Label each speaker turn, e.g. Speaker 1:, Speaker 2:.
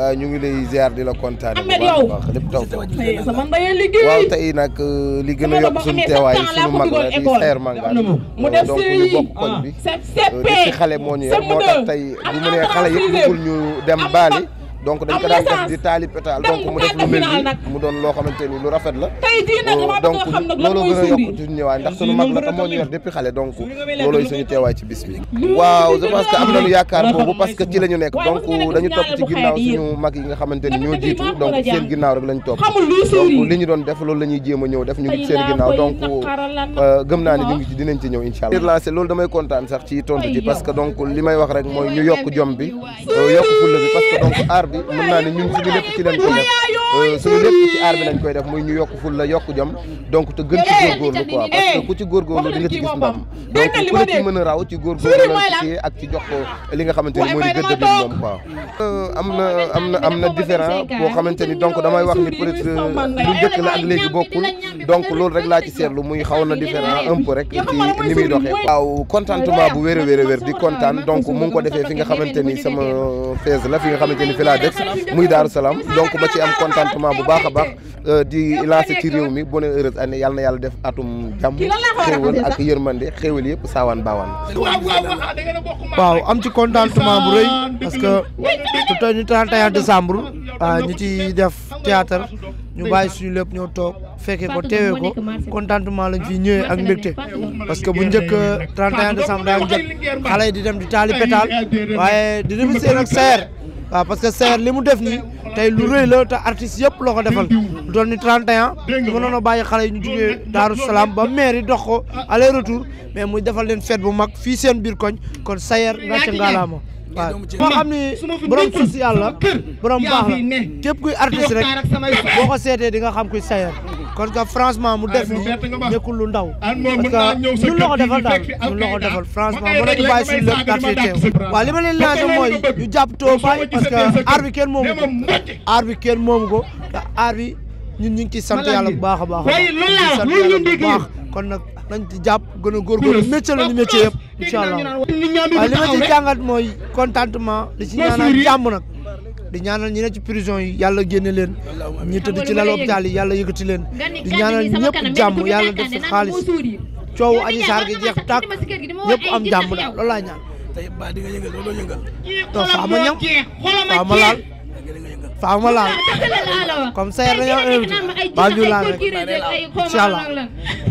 Speaker 1: Ah, ñu ngi lay ziar di la kontaane waaw tey nag euh, li gën a yokk suñ teewaay suñu mag la di Saër Mangane euh, donc ñu bokk koñ bi ah, euh, di ci xale moo ñu yor moo tax tey bu mu nee xale yëpp bëggul ñu dem baali donc dañ ko daan def di taali pétale mu def lu mel ni mu doon loo xamante ni lu rafet la euh, donc looloo gën a yokk ndax suñu mag moo ñu yor xale donc loolooy suñu teewaay ci bis waaw je pense yaakaar boobu parce que ci la ñu nekk donc dañu topp ci ginnaaw suñu mag yi nga xamante ni ñoo jiitu donc seen ginnaaw rek lañ topp donc li ñu doon def loolu la ñuy jéem a ñëw def ñu ngi seen ginnaaw donc euh, gëm naa ni ñu ngi ci dinañ ci ñëw incha allah loolu damay kontaan sax ci tontu ji parce que donc li may wax rek mooy ñu yokk jom bi yokk fulla bi parce que donc di mën naa ne ñun suñu lépp ci leen ko def Euh, suñu lépp ci aar bi lañ koy def muy ñu yokk ful la yokk jom donc te gën ci góorgóorlu quoi parce que ku ci góorgóorlu di nga ci gis ndam donc ku la mën a raw ci góorgóorlu la ci ak ci jox ko li nga xamante ni moo di gëdd bi moom quoi euh, am na am na am na différent boo xamante ni donc damay wax ni peut lu euh, njëkk la ak léegi bokkul donc loolu rek laa ci seetlu muy xaw na différent un peu rek ci ni muy doxee waaw contentement bu wér a wér di kontaan donc mu ngi ko defee fi nga xamante ni sama fees la fi nga xamante ni fi laa def muy Daaru Salaam donc ma ci am kontaan contentement bu baax a baax euh, di lancé ci mi bonne heureuse année yàlla na yàlla def atum jàmm xéewal ak
Speaker 2: yërmande xéewal yëpp saawaan baawaan waaw am ci contentement bu rëy parce que te ñu 31 décembre ah, ñu ci def ñu ñoo toog fekkee ko teewee ko contentement lañ fi ñëwee ak mbégte parce que bu njëkk 31 décembre daan jot xale yi di dem di taali pétaal waaye di dem seen ak seer parce que seer li mu def nii tey lu rëy la te artistes yëpp la ko defal lu doon ni 31 mënoon a bàyyi xale yi ñu jugee Daaru Salaam ba mairie dox ko ah, ah. aller retour mais mu defal leen fête bu mag fii seen biir koñ kon sayer ngàcc ngaalaama waaw moo xam ni borom social la borom baax la képp kuy artiste rek boo ko seetee di nga xam kuy sayer kon nga franchement mu def ni lu ndaw parce que ñun la ko defal daal ñun la ko defal franchement mën nañu mooy ñu jàpp too bàyyi parce que aar bi moomu ko aar bi moomu ko te aar bi ñun ñu ngi ciy sant yàlla bu baax a baax a kon nag nañ ci jàpp gën a góorgóorlu métier la ñu métier li ma ci mooy contentement li ci ñaanal jàmm nag. di ñaanal ñi ne ci prison yi yàlla génne leen ñi tëdd ci lal hôpital yi yàlla yëkkati leen di ñaanal ñëpp jàmm yàlla def fi xaalis coowu aji saar gi jeex tàkk ñëpp am jàmm daal loolu laa ñaan non faama ñam faama laal faama laal comme ça dañoo invité baa ñu laal rek incha